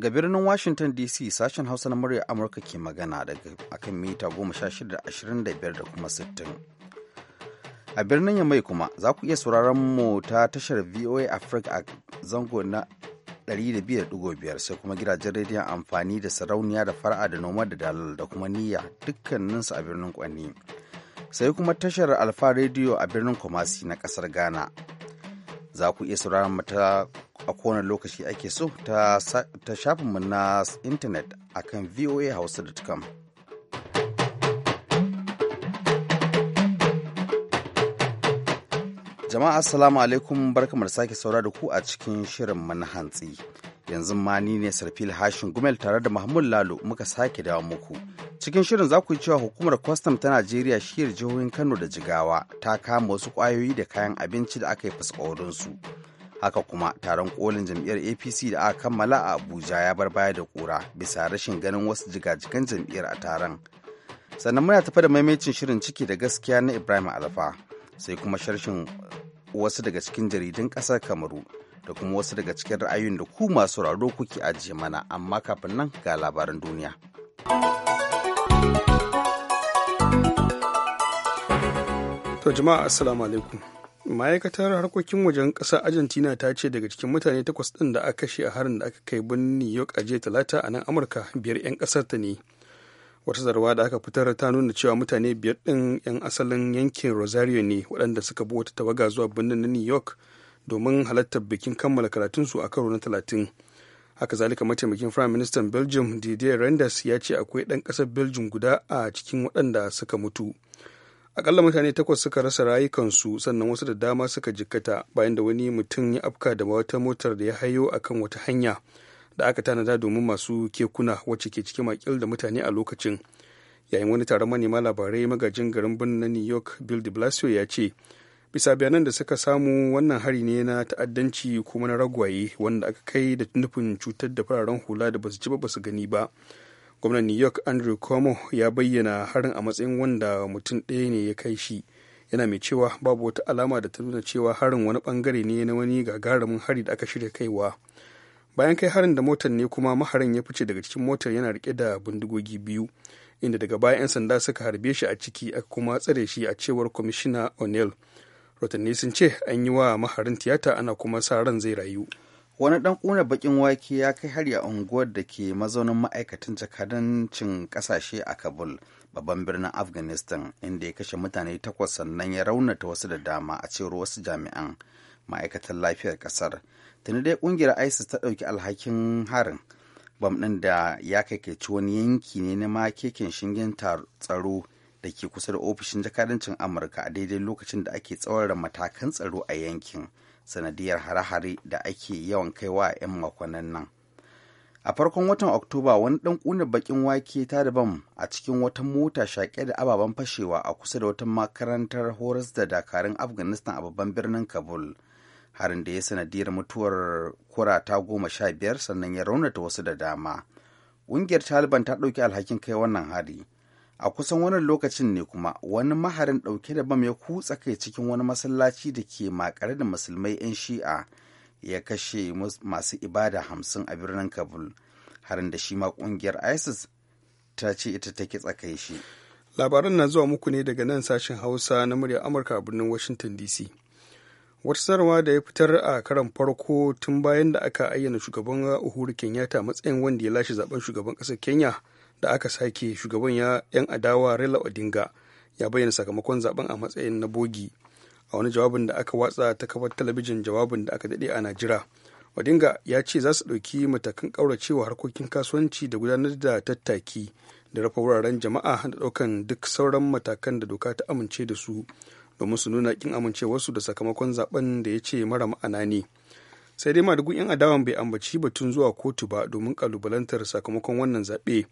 Daga birnin Washington DC sashen Hausa na murya Amurka ke magana daga akan mita 1625 da kuma 60. A birnin Yamai kuma za ku iya sauraron mu ta tashar VOA Africa a zango na 200.5 sai kuma gidajen rediyon amfani da sarauniya da fara'a da noma da dalal da kuma niyya dukkaninsu a birnin Kwanni. Sai kuma tashar Alfa Radio a birnin Kumasi na kasar Ghana. za ku iya sauraron mu ta a kowane lokaci ake so ta shafinmu na intanet akan voahausa.com Jama'a assalamu alaikum barkamar sake saura da ku a cikin shirin hantsi Yanzu ma ni ne Sarfil Hashin Gumel tare da Mahmud Lalo muka sake dawo muku. Cikin shirin za ku cewa hukumar kwastam ta Najeriya shiyar jihohin Kano da Jigawa ta kama wasu kwayoyi da kayan abinci da aka yi su Haka kuma taron kolin jam'iyyar APC da aka kammala a Abuja ya bar baya da kura bisa rashin ganin wasu jigajigan jam'iyyar a taron. Sannan muna tafa da maimacin shirin ciki da gaskiya na Ibrahim Alfa. sai kuma sharshin wasu daga cikin jaridun ƙasar kamaru da kuma wasu daga cikin ra'ayoyin da ku masu raro kuke ajiye mana amma kafin nan ga labaran duniya. To jama'a assalamu alaikum. Ma'aikatar harkokin wajen ƙasar Argentina ta ce daga cikin mutane takwas ɗin da aka kashe a harin da aka kai birnin New York a jiya talata a nan Amurka biyar 'yan ƙasar ta ne. wata zarwa da aka fitar ta nuna cewa mutane biyar ɗin 'yan asalin yankin rosario ne waɗanda suka bi wata tawaga zuwa birnin na new york domin halartar bikin kammala karatunsu a karo na talatin haka zalika mataimakin prime minister belgium didier renders ya ce akwai ɗan ƙasar belgium guda a cikin waɗanda suka mutu akalla mutane takwas suka rasa rayukansu sannan wasu da dama suka jikkata bayan da wani mutum ya afka da wata motar da ya hayo akan wata hanya da aka tanada domin masu kekuna wacce ke cikin makil da mutane a lokacin yayin wani taron manema labarai magajin garin birnin na new york bill de blasio ya ce bisa bayanan da suka samu wannan hari ne na ta'addanci kuma na ragwaye wanda aka kai da nufin cutar da fararen hula da basu ci ba basu gani ba gwamnan new york andrew cuomo ya bayyana harin a matsayin wanda mutum ɗaya ne ya kai shi yana mai cewa babu wata alama da ta nuna cewa harin wani bangare ne na wani gagarumin hari da aka shirya kaiwa bayan kai harin da motar ne kuma maharin ya fice daga cikin motar yana rike da bindigogi biyu inda daga baya 'yan sanda suka harbe shi a ciki aka kuma tsare shi a cewar kwamishina o'neill rotanni sun ce an yi wa maharin tiyata ana kuma sa ran zai rayu wani dan kuna bakin wake ya kai hari a unguwar da ke mazaunin ma'aikatan jakadancin kasashe a kabul babban birnin afghanistan inda ya kashe mutane takwas sannan ya raunata wasu da dama a cewar wasu jami'an ma'aikatan lafiyar kasar tuni dai kungiyar isis ta ɗauki alhakin harin bam ɗin da ya kaikaici wani yanki ne na makekin shingen tsaro da ke kusa da ofishin jakadancin amurka a daidai lokacin da ake tsaurara matakan tsaro a yankin sanadiyar hare-hare da ake yawan kaiwa a 'yan makonnan nan a farkon watan oktoba wani ɗan ƙunar bakin wake ta da bam a cikin wata mota shaƙe da ababen fashewa a kusa da wata makarantar horas da dakarun afghanistan a babban birnin kabul harin da ya sanadiyar mutuwar kurata goma sha biyar sannan ya raunata wasu da dama ƙungiyar taliban ta ɗauki alhakin kai wannan hari a kusan wani lokacin ne kuma wani maharin ɗauke da bam ya kutsa kai cikin wani masallaci da ke makare da musulmai 'yan shi'a ya kashe masu ibada hamsin a birnin kabul harin da shi ma ƙungiyar isis ta ce ita ta kitsa kai shi labaran na zuwa muku ne daga nan sashen hausa na murya amurka a birnin washington dc wata sanarwa da ya fitar a karan farko tun bayan da aka ayyana shugaban uhuru kenyatta matsayin wanda ya lashe zaben shugaban kasar kenya da aka sake shugaban ya yan adawa raila odinga ya bayyana sakamakon zaben a matsayin na bogi a wani jawabin da aka watsa ta kafar talabijin jawabin da aka daɗe a jira odinga ya ce za su ɗauki matakan ƙauracewa harkokin kasuwanci da gudanar da tattaki da rafa wuraren jama'a da ɗaukan duk sauran matakan da doka ta amince da su domin su nuna kin amincewarsu da sakamakon zaben da ya ce mara ma'ana ne sai dai madugun 'yan adawan bai ambaci batun zuwa kotu ba domin kalubalantar sakamakon wannan zaɓe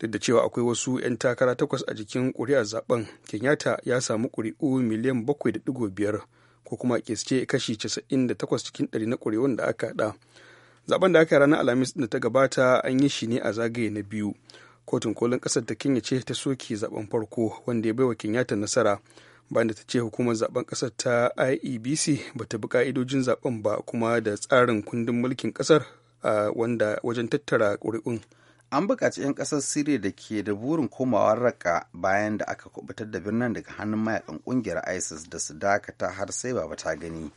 duk da cewa akwai wasu 'yan takara takwas a jikin kuri'ar zaben kenyatta ya samu ƙuri'u miliyan bakwai 7.5 ko kuma ce kashi 98 cikin ɗari na ƙuri'un da aka haɗa zaben da aka ranar alhamis da ta gabata an yi shi ne a zagaye na biyu kotun kolin ƙasar ta kenya ce ta soke zaben farko wanda ya baiwa kenyatta nasara banda ta ce hukumar zaben kasar ta iebc ba ta bi ka'idojin zaben ba kuma da tsarin kundin mulkin kasar wanda wajen tattara ƙuri'un an buƙaci 'yan ƙasar siriya da ke da burin komawa raka bayan da aka kubutar da birnin daga hannun mayakan ƙungiyar isis da su dakata har sai baba ta gani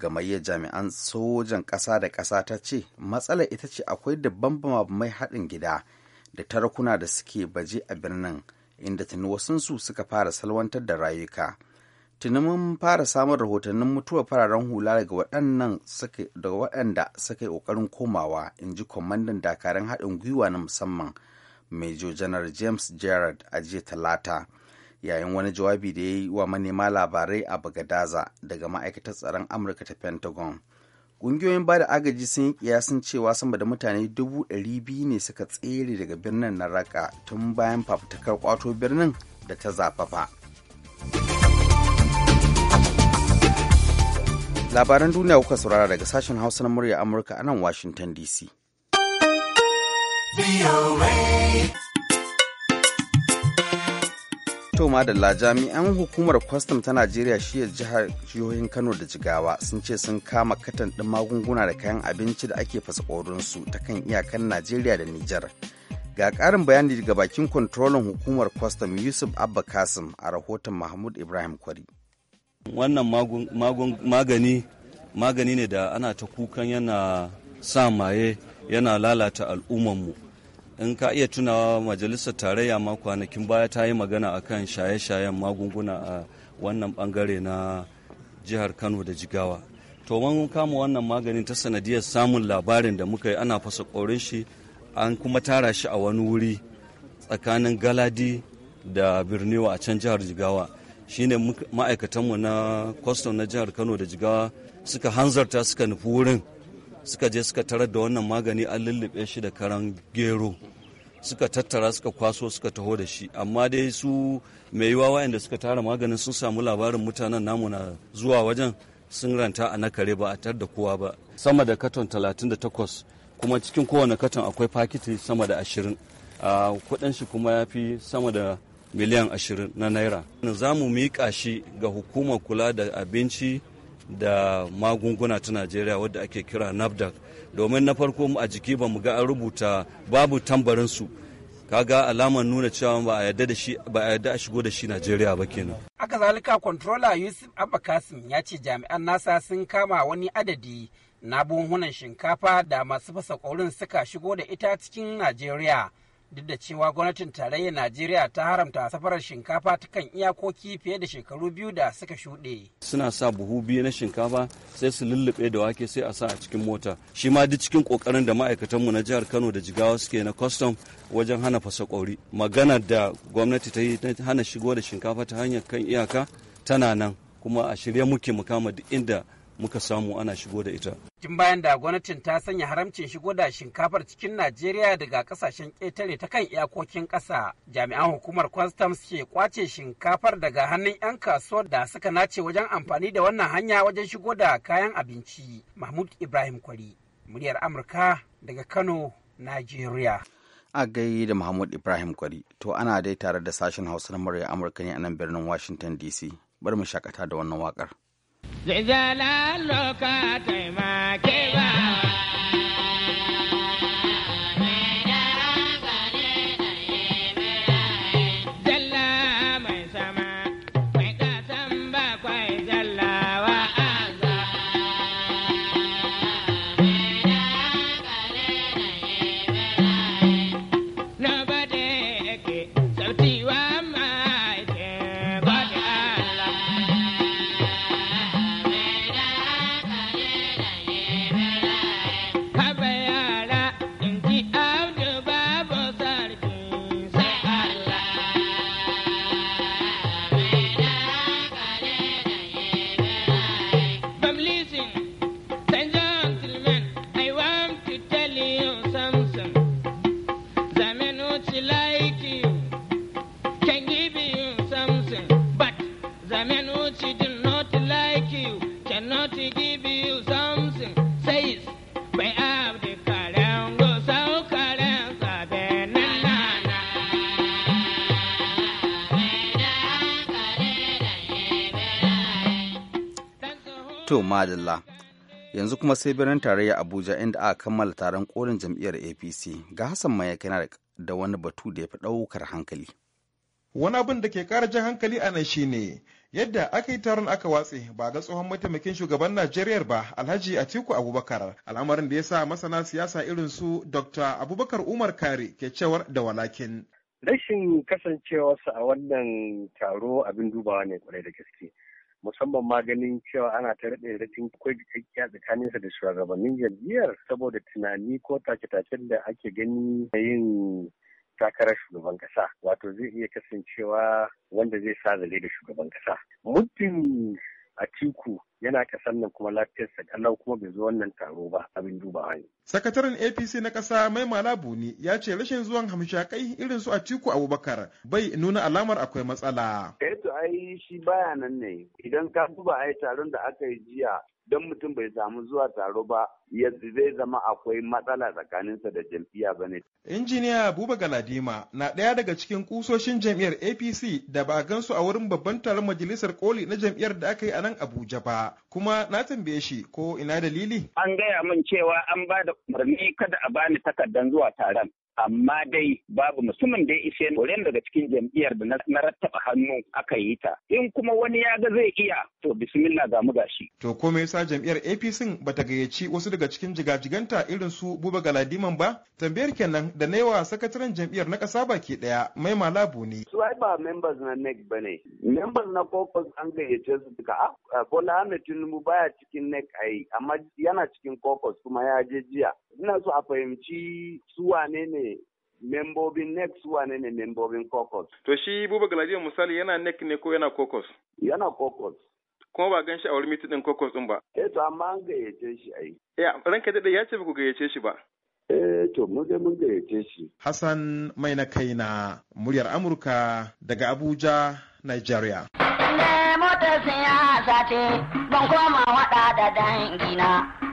gamayyar jami'an sojan ƙasa da ƙasa ta ce matsalar ita ce akwai dabban mai haɗin gida da tarakuna da suke baje a birnin inda tuni wasansu suka fara salwantar da rayuka tuni mun fara samun rahotannin mutuwar fararen hula daga waɗannan daga waɗanda suka yi ƙoƙarin komawa in ji kwamandan dakarun haɗin gwiwa na musamman major janar james gerard a jiya talata yayin wani jawabi da ya yi wa manema labarai a bagadaza daga ma'aikatar tsaron amurka ta pentagon ƙungiyoyin ba da agaji sun yi kiyasin cewa sama da mutane dubu ɗari biyu ne suka tsere daga birnin na raka tun bayan fafutukar kwato birnin da ta zafafa labaran duniya kuka saurara daga sashen hausa na murya amurka a nan washington dc To madalla jami'an hukumar kwastam ta Najeriya yanzu jihar jihohin Kano da Jigawa sun ce sun kama katan ɗin magunguna da kayan abinci da ake su ta kan iyakan Najeriya da Nijar. Ga karin bayani daga bakin kwantrolin hukumar kwastam Yusuf Abba Kasim a rahoton Mahmud Ibrahim Kwari. Wannan magani magani ne da ana ta kukan yana sa maye yana lalata al'ummanmu in ka iya tunawa majalisar tarayya ma kwanakin baya ta yi magana akan shaye-shayen magunguna a wannan bangare na jihar kano da jigawa to wangun kama wannan maganin ta sanadiyar samun labarin da muka yi ana fasa korin shi an kuma tara shi a wani wuri tsakanin galadi da birniwa a can jihar jigawa shine ma'aikatanmu na kwastam na jihar kano da jigawa suka hanzarta suka nufi wurin suka je suka tarar da wannan magani an lullube shi da karan gero suka tattara suka kwaso suka taho da shi amma dai su mai yiwa wayanda suka tara maganin sun samu labarin mutanen namu na zuwa wajen sun ranta a na kare ba a tar da kowa ba sama da katon 38 kuma cikin kowane katon akwai fakiti sama da 20 a kudin shi kuma ya fi sama da miliyan 20 na naira za mu miƙa shi ga hukumar kula da abinci da magunguna ta najeriya wadda ake kira nafdac domin na farko a jiki ba mu ga an rubuta babu tambarin su kaga alamar nuna cewa ba a yarda da shi ba a yarda a shigo da shi Najeriya ba kenan. Aka zalika controller Yusuf Abba Kasim ya ce jami'an NASA sun kama wani adadi na buhunan shinkafa da masu fasa ƙaurin suka shigo da ita cikin Najeriya. duk da cewa gwamnatin tarayyar najeriya ta haramta safarar shinkafa ta kan iyakoki fiye da shekaru biyu da suka shuɗe suna sa buhu biyu na shinkafa sai su lullube da wake sai a sa a cikin mota shi ma duk cikin kokarin da ma'aikatanmu na jihar kano da jigawa suke na kwastam wajen hana fasakori maganar da gwamnati ta yi ta hana shigo da shinkafa ta hanyar kan iyaka tana nan kuma a shirye muke mu kama duk inda muka samu ana shigo da ita. Tun bayan da gwamnatin ta sanya haramcin shigo da shinkafar cikin Najeriya daga kasashen ƙetare ta kan iyakokin ƙasa, jami'an hukumar customs ke kwace shinkafar daga hannun 'yan kasuwar da suka nace wajen amfani da wannan hanya wajen shigo da kayan abinci. Mahmud Ibrahim Kwari, muryar Amurka daga Kano, Najeriya. a gai da Mahmud Ibrahim Kwari, to ana dai tare da sashen Hausa na murya Amurka ne a nan birnin Washington DC. Bari mu shakata da wannan wakar. Zai zalalo ka taimake yanzu kuma sai birnin tarayya abuja inda aka kammala taron kolin jam'iyyar apc ga hassan mai yana da wani batu da ya fi ɗaukar hankali wani abin da ke ƙara jan hankali a nan shine yadda aka yi taron aka watse ba ga tsohon mataimakin shugaban najeriya ba alhaji atiku abubakar al'amarin da ya sa masana siyasa irin su dr abubakar umar kare ke cewar da walakin rashin kasancewarsa a wannan taro abin dubawa ne kwarai da gaske musamman ma ganin cewa ana ta rade ratin kwai jikakkiya tsakaninsa da shugabannin jam'iyyar saboda tunani ko take tacen da ake gani na yin takarar shugaban kasa wato zai iya kasancewa wanda zai sa zare da shugaban kasa muddin A tiku, yana kasan nan kuma lafiyarsa kallon kuma bai zo wannan taro ba abin duba ne. Sakataren APC na ƙasa mai malabu ne ya ce rashin zuwan hamshakai irin su a tiku Abubakar bai nuna alamar akwai matsala. eto eh to ai shi baya nan ne idan ka duba ai taron da aka yi jiya don mutum bai samu zuwa taro ba yadda zai zama akwai matsala tsakaninsa da jam'iyya ba ne. Injiniya Buba Galadima na ɗaya daga cikin kusoshin jam'iyyar APC da ba a gansu a wurin babban taron majalisar koli na jam'iyyar da aka yi a nan Abuja ba, kuma na tambaye shi ko ina dalili? An gaya min cewa an ba da umarni kada a bani takardar zuwa taron. amma dai babu musamman dai ishe koren daga cikin jam'iyyar da na rattaba hannu aka yi ta in kuma wani ya ga zai iya to bismillah ga mu gashi to ko me yasa jam'iyyar APC ba ta gayyaci wasu daga cikin jigajiganta irin su Buba Galadiman ba tambayar kenan da na yawa sakataren jam'iyyar na kasa baki daya mai malabu ne su ai ba members na NEC bane members na caucus an gayyace su duka ah, eh, Bola Ahmed Tinubu baya cikin NEC ai amma yana cikin caucus kuma ya je jiya ina so a fahimci su wane ne membobin next wane ne membobin kokos. To shi Buba Galadiyar misali yana neck ne ko yana kokos? Yana kokos. Kuma ba gan shi a wani mitin ɗin kokos ɗin ba. Eh to amma an gayyace shi ai. Ya ranka daɗe ya ce ba ku gayyace shi ba. Eh to mun je mun gayyace shi. Hassan mai na kai na muryar Amurka daga Abuja, Nigeria. Ne motar siyasa ce, ban koma waɗa da dangina.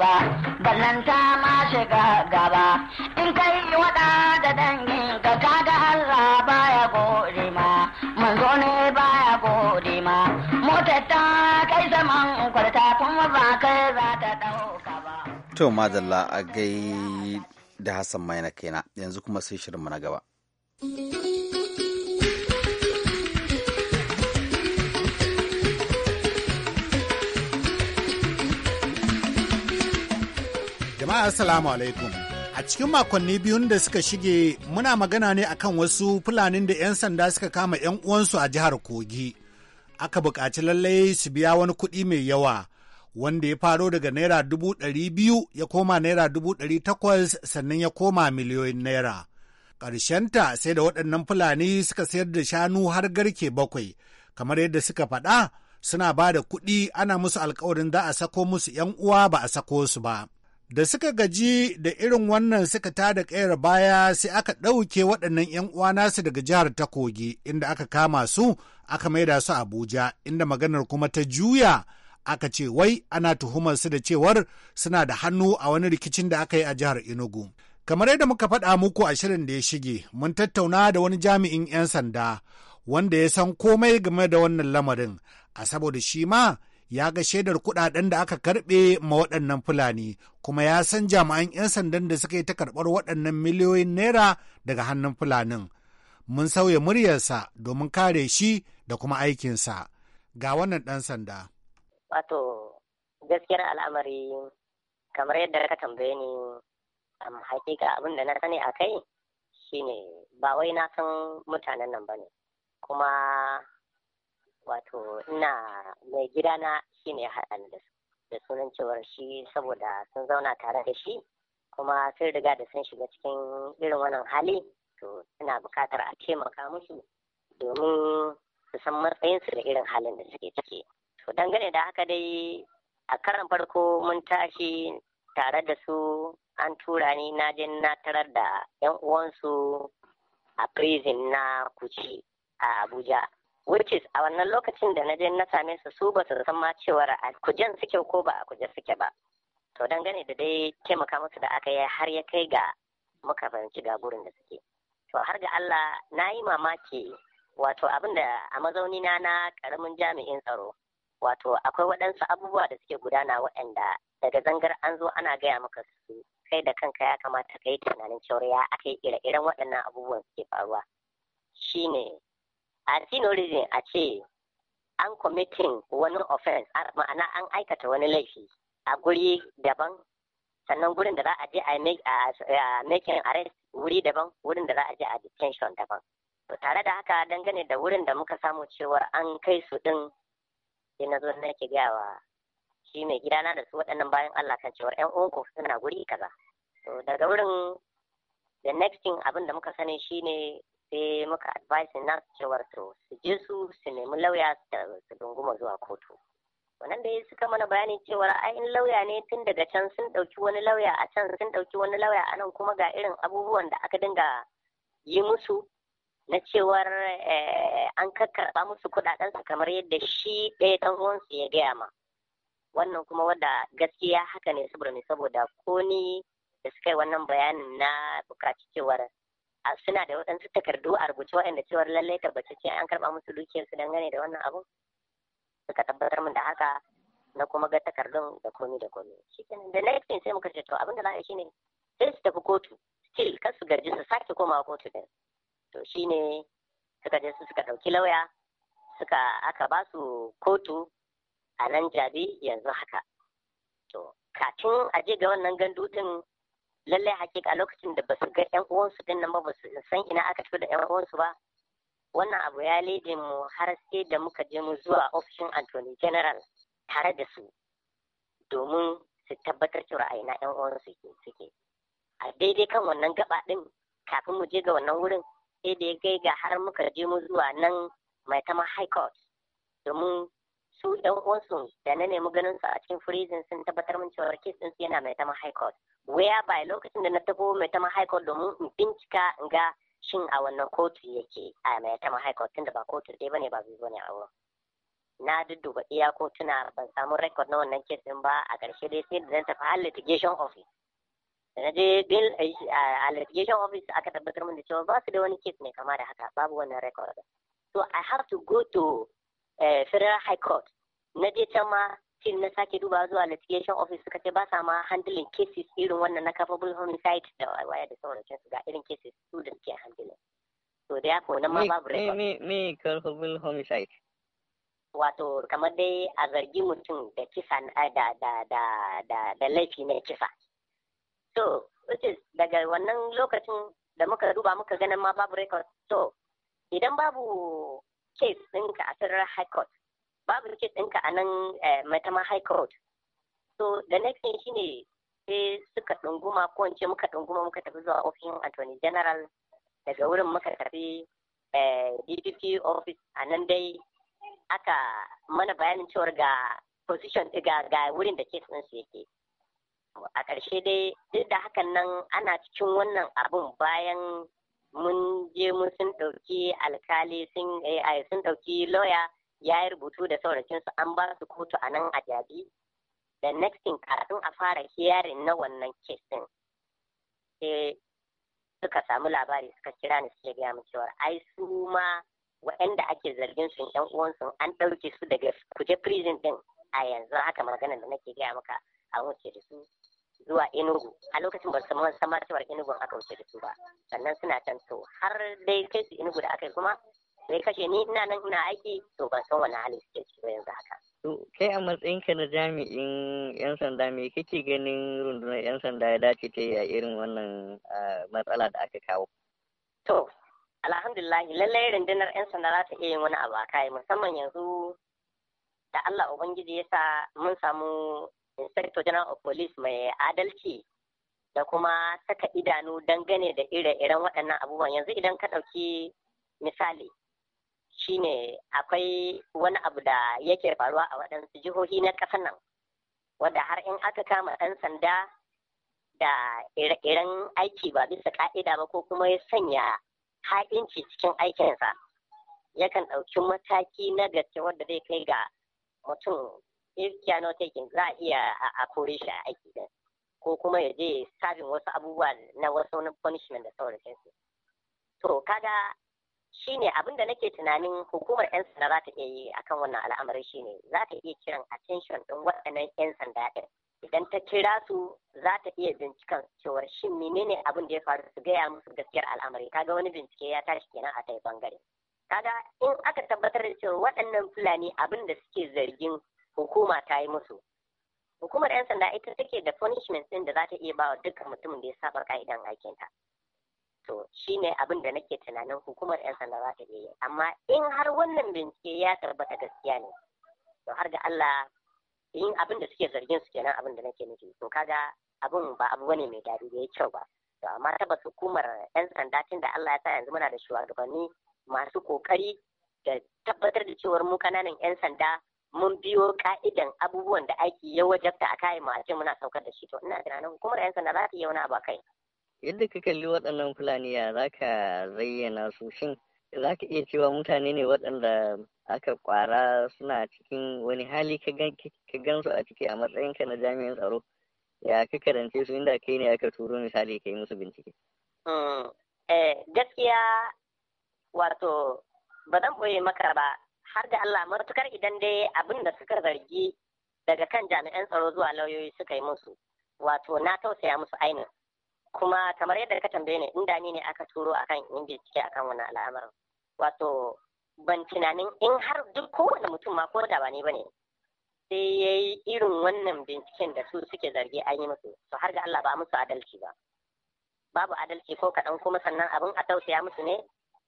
ba ba ta ma shiga gaba in kai wada da dangin ka kaga Allah baya gode ma manzo ne baya gode ma motar ta kai zaman kwarta kuma ba kai za ta dauka ba to madalla a gai da Hassan Maina kenan yanzu kuma sai shirin mu na gaba assalamu alaikum. A cikin makonni biyun da suka shige muna magana ne akan wasu fulanin da 'yan sanda suka kama 'yan uwansu a jihar Kogi. Aka buƙaci lallai su biya wani kuɗi mai yawa wanda ya faro daga naira dubu ɗari biyu ya koma naira dubu ɗari takwas sannan ya koma miliyoyin naira. Ƙarshenta sai da waɗannan fulani suka sayar da shanu har garke bakwai kamar yadda suka faɗa suna ba da kuɗi ana musu alkawarin za a sako musu 'yan uwa ba a sako su ba. Da suka gaji da irin wannan suka tada kayar baya sai aka ɗauke waɗannan 'yan uwa nasu daga jihar ta kogi inda aka kama su aka maida su Abuja inda maganar kuma ta juya aka ce wai ana tuhumar su da cewar suna da hannu a wani rikicin da aka yi a jihar Enugu. Kamar yadda muka faɗa muku a shirin da ya shige, mun tattauna da wani jami'in 'yan sanda wanda ya san komai game da wannan lamarin, a saboda shi ma ya ga shaidar kudaden da aka karbe ma waɗannan Fulani kuma ya san jami'an 'yan sandan da suka yi ta karɓar waɗannan miliyoyin naira daga hannun Fulanin. Mun sauya muryarsa domin kare shi da kuma aikinsa. Ga wannan ɗan sanda. Wato gaskiyar al'amari kamar yadda ka tambaye ni hakika abin da na sani a kai shine ba wai na san mutanen nan ba ne. Kuma wato ina mai gidana shi ne haɗa da da sunan cewar shi saboda sun zauna tare da shi kuma sun riga da sun shiga cikin irin wannan hali to ina buƙatar a taimaka musu domin su san matsayinsu da irin halin da suke ciki to dangane da haka dai a karan farko mun tashi tare da su an tura ni na je na tarar da 'yan uwansu a prison na kuci a abuja which a wannan lokacin da na je na same su su ba su san ma cewar a kujen suke ko ba a kuje suke ba to dangane da dai taimaka musu da aka yi har ya kai ga muka fahimci ga gurin da suke to har ga Allah na yi mamaki wato abin da a mazauni na na karamin jami'in tsaro wato akwai waɗansu abubuwa da suke gudana waɗanda daga zangar an zo ana gaya maka su kai da kanka ya kamata ka yi tunanin cewar ya aka yi ire-iren waɗannan abubuwan suke faruwa shine a sin origin a ce an committing wani offense ma'ana an aikata wani laifi a guri daban sannan gurin da za a je a making arrest wuri daban wurin da za a je a detention daban to tare da haka dangane da wurin da muka samu cewar an kai su din sai na zo na ke gaya wa shi mai gidana da su waɗannan bayan Allah kan cewar ƴan uwanku suna guri kaza to daga wurin the next thing abin da muka sani shine sai muka advice na cewar su su je su su nemi lauya su dunguma zuwa kotu wannan da suka mana bayani cewar ainihin lauya ne tun daga can sun ɗauki wani lauya a can sun ɗauki wani lauya a nan kuma ga irin abubuwan da aka dinga yi musu na cewar eh, an kakkarɓa musu kuɗaɗensu kamar yadda shi ɗaya ɗan uwansu ya gaya ma wannan kuma wadda gaskiya haka ne saboda ko ni da suka yi wannan bayanin na bukaci cewar suna da waɗansu takardu a rubuce waɗanda cewar lallai ce an karɓa musu dukiyar su dangane da wannan abu suka tabbatar min da haka na kuma ga takardun da komi da komi Shi kenan da next thing sai muka ce to abin da za a yi shine sai su tafi kotu still kan su garji su sake komawa kotu din to shine suka je su suka ɗauki lauya suka aka ba su kotu a nan jabi yanzu haka to kafin a je ga wannan gandu lallai hakika lokacin da basu ga yan uwansu din nan ba basu san ina aka fito da yan uwansu ba wannan abu ya lede mu har sai da muka je mu zuwa ofishin attorney general tare da su domin su tabbatar cewa a ina yan uwansu suke a daidai kan wannan gaba din kafin mu je ga wannan wurin sai da ya kai ga har muka je mu zuwa nan mai tama high court domin su yan uwansu da na nemi ganin su a cikin freezing sun tabbatar min cewa kes din su yana mai tama high court waya by lokacin da na tafi mai ta mahaikar domin in bincika in ga shin a wannan kotu yake a mai ta mahaikar court tunda ba kotu dai bane ba biyu bane a wurin na dudduba iya kotuna ban samu record na wannan kes ɗin ba a ƙarshe dai sai da zan tafi har litigation office da na je bill eh, a litigation office aka tabbatar min da cewa ba su da wani kes mai kama da haka babu wannan record so i have to go to eh, federal high court na je can ma still na sake duba zuwa litigation office suka ce ba sa ma handling cases irin wannan na capable homicide da waya da sauransu ga irin cases su da ke handling to da yako nan ma babu record me me culpable homicide wato kamar dai a zargi mutum da kisa da da da da da laifi ne kisa so which is daga wannan lokacin da muka duba muka ganin ma babu record so idan babu case ɗinka a federal high court babu kes ɗinka a nan eh, matama high court so the next thing shine sai suka ɗunguma ko in ce muka ɗunguma muka tafi zuwa ofishin attorney general daga wurin muka tafi eh, dpp office a nan dai aka mana bayanin cewar ga position ga ga wurin da case ɗinsu yake a ƙarshe dai duk da hakan nan ana cikin wannan abun bayan mun je mun sun ɗauki alkali eh, sun ɗauki lawyer ya yi rubutu da saurakinsu an ba su kotu a nan a jabi da next thing kafin a fara hearing na wannan kesin sai suka samu labari suka kira ni suke gaya min cewa ai su ma waɗanda ake zargin sun yan uwansu an ɗauke su daga kuje prison din a yanzu haka maganar da nake gaya maka a wuce da su zuwa Enugu a lokacin ba su samar cewar Enugu aka wuce da su ba sannan suna can to har dai kai su Enugu da aka yi kuma Sai kashe ni ina nan ina aiki to ban san wani hali suke ciki yanzu haka. To kai a matsayinka na jami'in 'yan sanda me kake ganin rundunar 'yan sanda ya dace ta yi a irin wannan matsala da aka kawo? To, alhamdulillah lallai rundunar 'yan sanda za ta iya yin wani abu a kai musamman yanzu da Allah Ubangiji ya sa mun samu Inspector General of Police mai adalci da kuma saka idanu dangane da ire-iren waɗannan abubuwan yanzu idan ka ɗauki misali shine akwai wani abu da yake faruwa a waɗansu jihohi na ƙasar nan wanda har in aka kama ɗan sanda da ire aiki ba bisa ƙa'ida ba ko kuma ya sanya ha'inci cikin aikinsa yakan ɗauki mataki na gaske wanda zai kai ga mutum iskiya na taking za a iya a kore shi a aiki din ko kuma ya je sabin wasu abubuwa na wasu wani punishment da sauransu to kaga shine abin da nake tunanin hukumar 'yan sanda za ta iya yi a kan wannan al'amari shine za ta iya kiran attention din waɗannan 'yan sanda ɗin idan ta kira su za ta iya binciken cewar shin menene abin da ya faru su gaya musu gaskiyar al'amari kaga wani bincike ya tashi kenan a tai bangare kaga in aka tabbatar da cewa waɗannan fulani abin da suke zargin hukuma ta yi musu hukumar 'yan sanda ita take da punishment ɗin da za ta iya ba wa dukkan mutumin da ya saba ka'idan aikinta to ne abin da nake tunanin hukumar 'yan sanda za ta yi amma in har wannan bincike ya tabbata gaskiya ne to har ga Allah in abin da suke zargin su kenan abin da nake nufi to kaga abin ba abu bane mai dadi da ya kyau ba to amma tabbas hukumar 'yan sanda tun da Allah ya sa yanzu muna da shugabanni masu kokari da tabbatar da cewar mu kananan 'yan sanda mun biyo ka'idan abubuwan da aiki ya wajabta a kayan mu a ce muna saukar da shi to ina tunanin hukumar 'yan sanda za ta yi wani abu a kai yadda ka kalli waɗannan fulani ya za ka zayyana su shin za ka iya cewa mutane ne waɗanda aka kwara suna cikin wani hali ka gan su a ciki a matsayinka na jami'in tsaro ya ka karance su inda kai ne aka turo misali ka yi musu bincike. Hmm, eh, gaskiya wato ba zan ɓoye maka ba har da Allah matukar idan dai abin da suka zargi daga kan jami'an tsaro zuwa lauyoyi suka yi musu wato na tausaya musu ainihin kuma kamar yadda ka tambaye ni inda ni ne aka turo akan in bincike akan wani al'amarin wato ban tunanin in har duk kowane mutum ma ko da ba ne bane sai ya yi irin wannan binciken da su suke zargi an yi musu to har ga Allah ba musu adalci ba babu adalci ko kaɗan kuma sannan abin a tausaya musu ne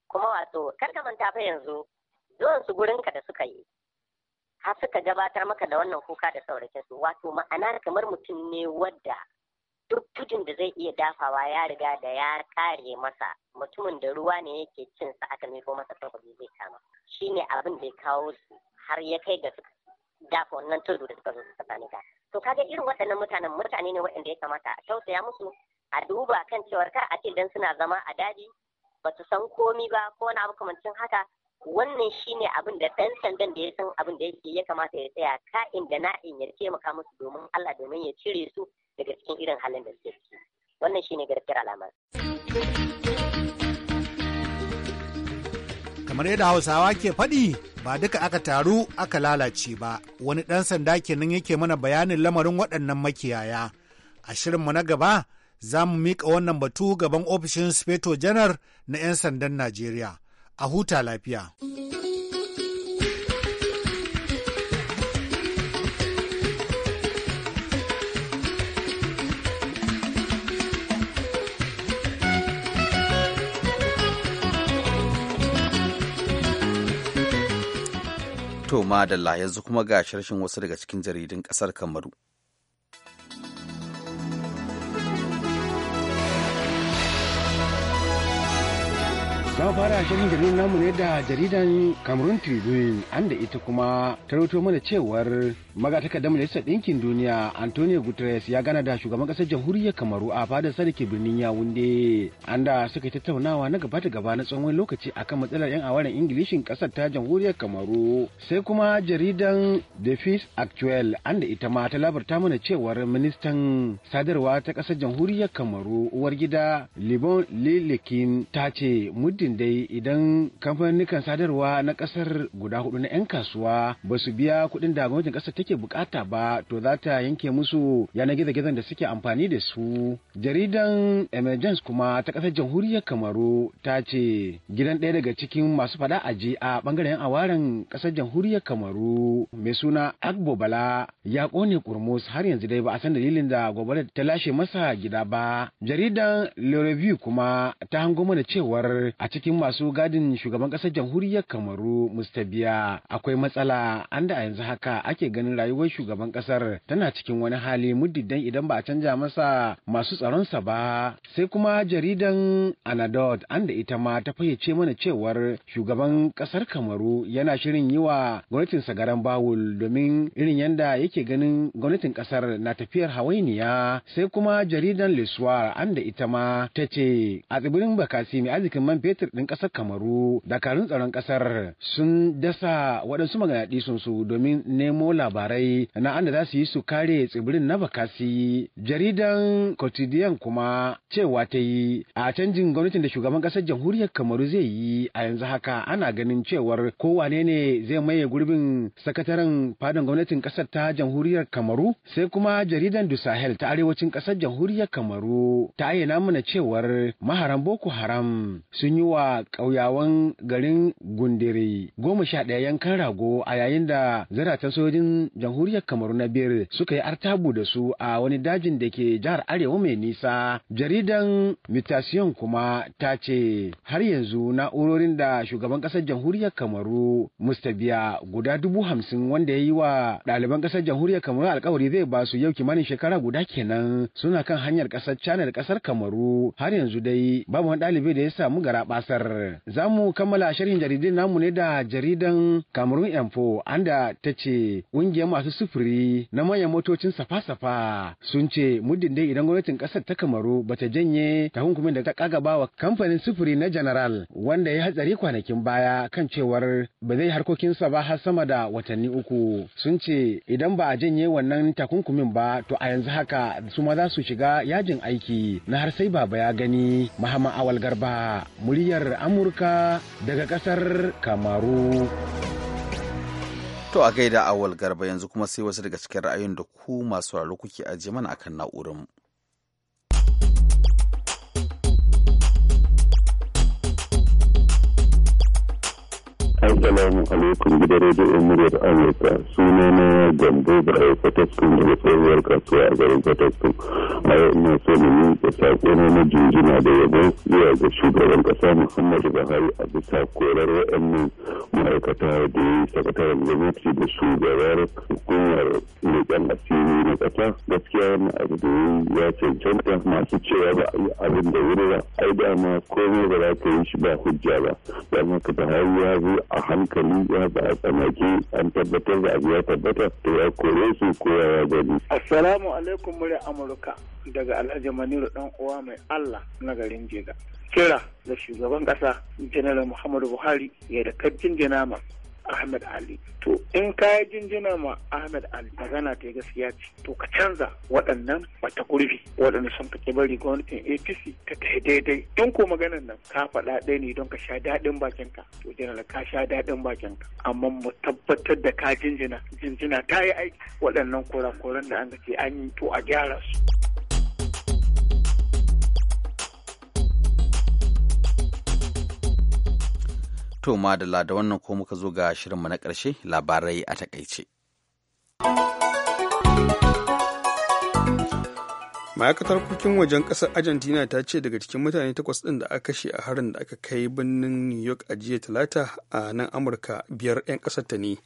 kuma wato kar ka manta fa yanzu zuwan su gurin ka da suka yi har suka gabatar maka da wannan kuka da saurakin su wato ma'ana kamar mutum ne wadda duk gudun da zai iya dafawa ya riga da ya kare masa mutumin da ruwa ne yake cin sa aka nufo masa takobi zai kama Shi ne abin da ya kawo su har ya kai ga suka dafa wannan tudu da suka zo su tsakani ka to kaga irin waɗannan mutanen mutane ne waɗanda ya kamata a tausaya musu a duba kan cewar ka a ce dan suna zama a daji ba su san komi ba ko wani abu kamancin haka wannan shine abin da ɗan sandan da ya san abin da yake ya kamata ya tsaya ka'in da na'in ya taimaka musu domin Allah domin ya cire su daga cikin irin halin da suke ciki wannan shine gaskiyar alama kamar yadda hausawa ke faɗi ba duka aka taru aka lalace ba wani ɗan sanda kenan yake mana bayanin lamarin waɗannan makiyaya a shirinmu na gaba za mu miƙa wannan batu gaban ofishin speto janar na 'yan sandan najeriya a huta lafiya. To madalla yanzu kuma ga sharshin wasu daga cikin jaridun ƙasar Kamaru. za fara shirin jaridar namu ne da jaridan cameroon tribune an da ita kuma ta mana cewar da majalisar ɗinkin duniya antonio guterres ya gana da shugaban ƙasar jamhuriyar kamaru a fadar ke birnin yawunde an da suka yi tattaunawa na gaba da gaba na tsawon lokaci akan matsalar yan awaren ingilishin ƙasar ta jamhuriyar kamaru sai kuma jaridan the peace actual an da ita ma ta labarta mana cewar ministan sadarwa ta ƙasar jamhuriyar kamaru uwar gida libon lilikin ta ce muddin dai idan kamfanin sadarwa na ƙasar guda hudu na 'yan kasuwa ba su biya kuɗin da gwamnatin ƙasar suke bukata ba to za ta yanke musu yanar gizo-gizon da suke amfani da su jaridan emergence kuma ta kasar jamhuriyar kamaru ta ce gidan ɗaya daga cikin masu fada aji a bangaren awaren kasar jamhuriyar kamaru mai suna agbo bala ya kone kurmus har yanzu dai ba a san dalilin da gobara ta lashe masa gida ba jaridan le review kuma ta hango mana cewar a cikin masu gadin shugaban kasar jamhuriyar kamaru mustabiya akwai matsala an da a yanzu haka ake ganin rayuwar shugaban kasar tana cikin wani hali muddidan idan ba a canja masa masu tsaronsa ba sai kuma jaridan anadot an da ita ma ta fayyace mana cewar shugaban kasar kamaru yana shirin yi wa gwamnatinsa garan bawul domin irin yadda yake ganin gwamnatin kasar na tafiyar hawainiya sai kuma jaridan lesuwar an da ita ma ta ce a tsibirin bakasi mai arzikin man fetur ɗin ƙasar kamaru dakarun tsaron ƙasar sun dasa waɗansu maganaɗi sun su domin nemo labarai labarai na anda za su yi su kare tsibirin na bakasi jaridan Quotidien kuma cewa ta yi a canjin gwamnatin da shugaban kasar jamhuriyar kamaru zai yi a yanzu haka ana ganin cewar ko wane ne zai maye gurbin sakataren fadan gwamnatin kasar ta jamhuriyar kamaru sai kuma jaridan du sahel ta arewacin kasar jamhuriyar kamaru ta ayyana mana cewar maharan boko haram sun yi wa ƙauyawan garin gundiri goma sha ɗaya yankan rago a yayin da zaratan sojojin jamhuriyar kamaru na biyar suka yi artabu da su a wani dajin da ke jihar arewa mai nisa jaridan mutation kuma ta ce har yanzu na'urorin da shugaban ƙasar jamhuriyar kamaru mustabiya guda dubu hamsin wanda ya yi wa ɗaliban ƙasar jamhuriyar kamaru alkawari zai ba su yau kimanin shekara guda kenan suna kan hanyar ƙasar cana da ƙasar kamaru har yanzu dai babu wani ɗalibi da ya samu gara basar za mu kammala sharhin jaridin namu ne da jaridan kamarun info anda ta ce ƙungiyar Ƙungiyar masu sufuri na manyan motocin safa-safa sun ce muddin dai idan gwamnatin ƙasar ta Kamaru bata janye takunkumin da ta kagaba wa kamfanin sufuri na General wanda ya hatsari kwanakin baya kan cewar ba zai harkokinsa ba har sama da watanni uku. Sun ce idan ba a janye wannan takunkumin ba to a yanzu haka su ma za su shiga yajin aiki na har sai baba ya gani Mahama Awal Garba muryar Amurka daga ƙasar Kamaru. To a gaida awal garba yanzu kuma sai wasu daga cikin ra'ayin da ku masu kuke ajiye mana akan na'urar mu. Assalamu alaikum gidan rediyon muryar Amurka suna na Gambo Bayo Fataskun daga tsohuwar kasuwa a garin Fataskun. A yau ina so mu miƙa saƙo na na jinjina da yabo zuwa ga shugaban kasa muhammad Buhari a bisa korar waɗannan ma'aikata da ya yi sakataren gwamnati da shugabar hukumar leƙen asiri na ƙasa. Gaskiya wani abu da ya cancanta masu cewa ba a yi abin da wuri ba. Ai dama komai ba za ka yi shi ba hujja ba. Dama ka Buhari ya zo a hankali ya ba a tsamaki an tabbatar da abu ya tabbata to ya kore su ko ya gani. Assalamu alaikum murya Amurka daga Alhaji Maniru dan uwa mai Allah na garin Jega. Kira da shugaban kasa General Muhammadu Buhari ya da kajin jinama Ahmed Ali. To in ka yi jinjina ma Ahmed Ali magana ta yi gaskiya ce to ka canza waɗannan bata gurbi waɗanda sun ka bari gwamnatin APC ta ta daidai. Don ko maganar nan ka faɗa ɗaya ne don ka sha daɗin bakinka to janar ka sha daɗin bakinka amma mu tabbatar da ka jinjina jinjina ta yi aiki waɗannan kurakuran da an ce an yi to a gyara su. To madalla da wannan ko muka zo ga shirinmu na ƙarshe labarai a takaice. ma'aikatar kukin wajen ƙasar argentina ta ce daga cikin mutane takwas ɗin da aka kashe a harin da aka kai birnin new york a jiya talata a nan amurka biyar 'yan ƙasar ta ne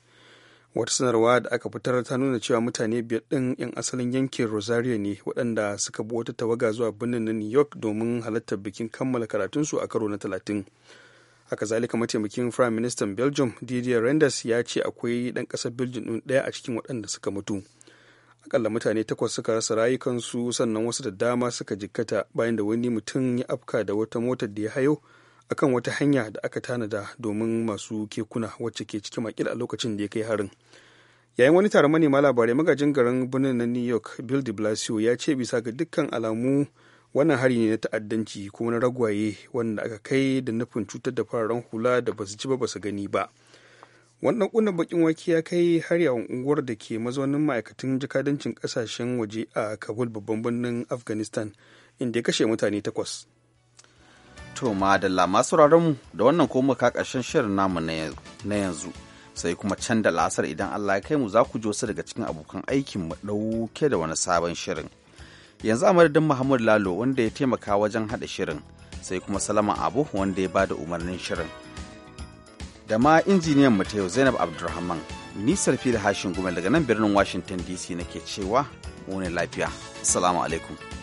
wata sanarwa da aka fitar ta nuna cewa mutane biyar ɗin 'yan asalin yankin rosario ne waɗanda suka bi wata tawaga zuwa birnin na new york domin halartar bikin kammala karatunsu a karo na talatin haka zalika mataimakin prime minister belgium didier renders ya ce akwai dan ƙasar belgium din daya a cikin waɗanda suka mutu akalla mutane takwas suka rasa rayukansu sannan wasu da dama suka jikkata bayan da wani mutum ya afka da wata motar da ya hayo akan wata hanya da aka tanada domin masu kekuna wacce ke cikin makil a lokacin da ya kai harin yayin wani taron manema labarai magajin garin birnin na new york bill de blasio ya ce bisa ga dukkan alamu wannan hari ne na ta'addanci kuma na ragwaye wanda aka kai da nufin cutar da fararen hula da basu ci ba basu gani ba wannan kunnan bakin wake ya kai har yawon unguwar da ke mazaunin ma'aikatan jakadancin kasashen waje a kabul babban birnin afghanistan inda ya kashe mutane takwas to da masu mu da wannan kuma ka karshen shirin namu na yanzu sai kuma can da la'asar idan allah ya kai mu za ku ji wasu daga cikin abokan aikin mu ɗauke da wani sabon shirin yanzu a madadin muhammad lalo wanda ya taimaka wajen haɗa shirin sai kuma salama abu wanda ya ba da umarnin shirin da ma injiniyan mu ta yau zainab abdulrahman nisar da hashin gumel daga nan birnin washington dc nake cewa mu ne lafiya assalamu alaikum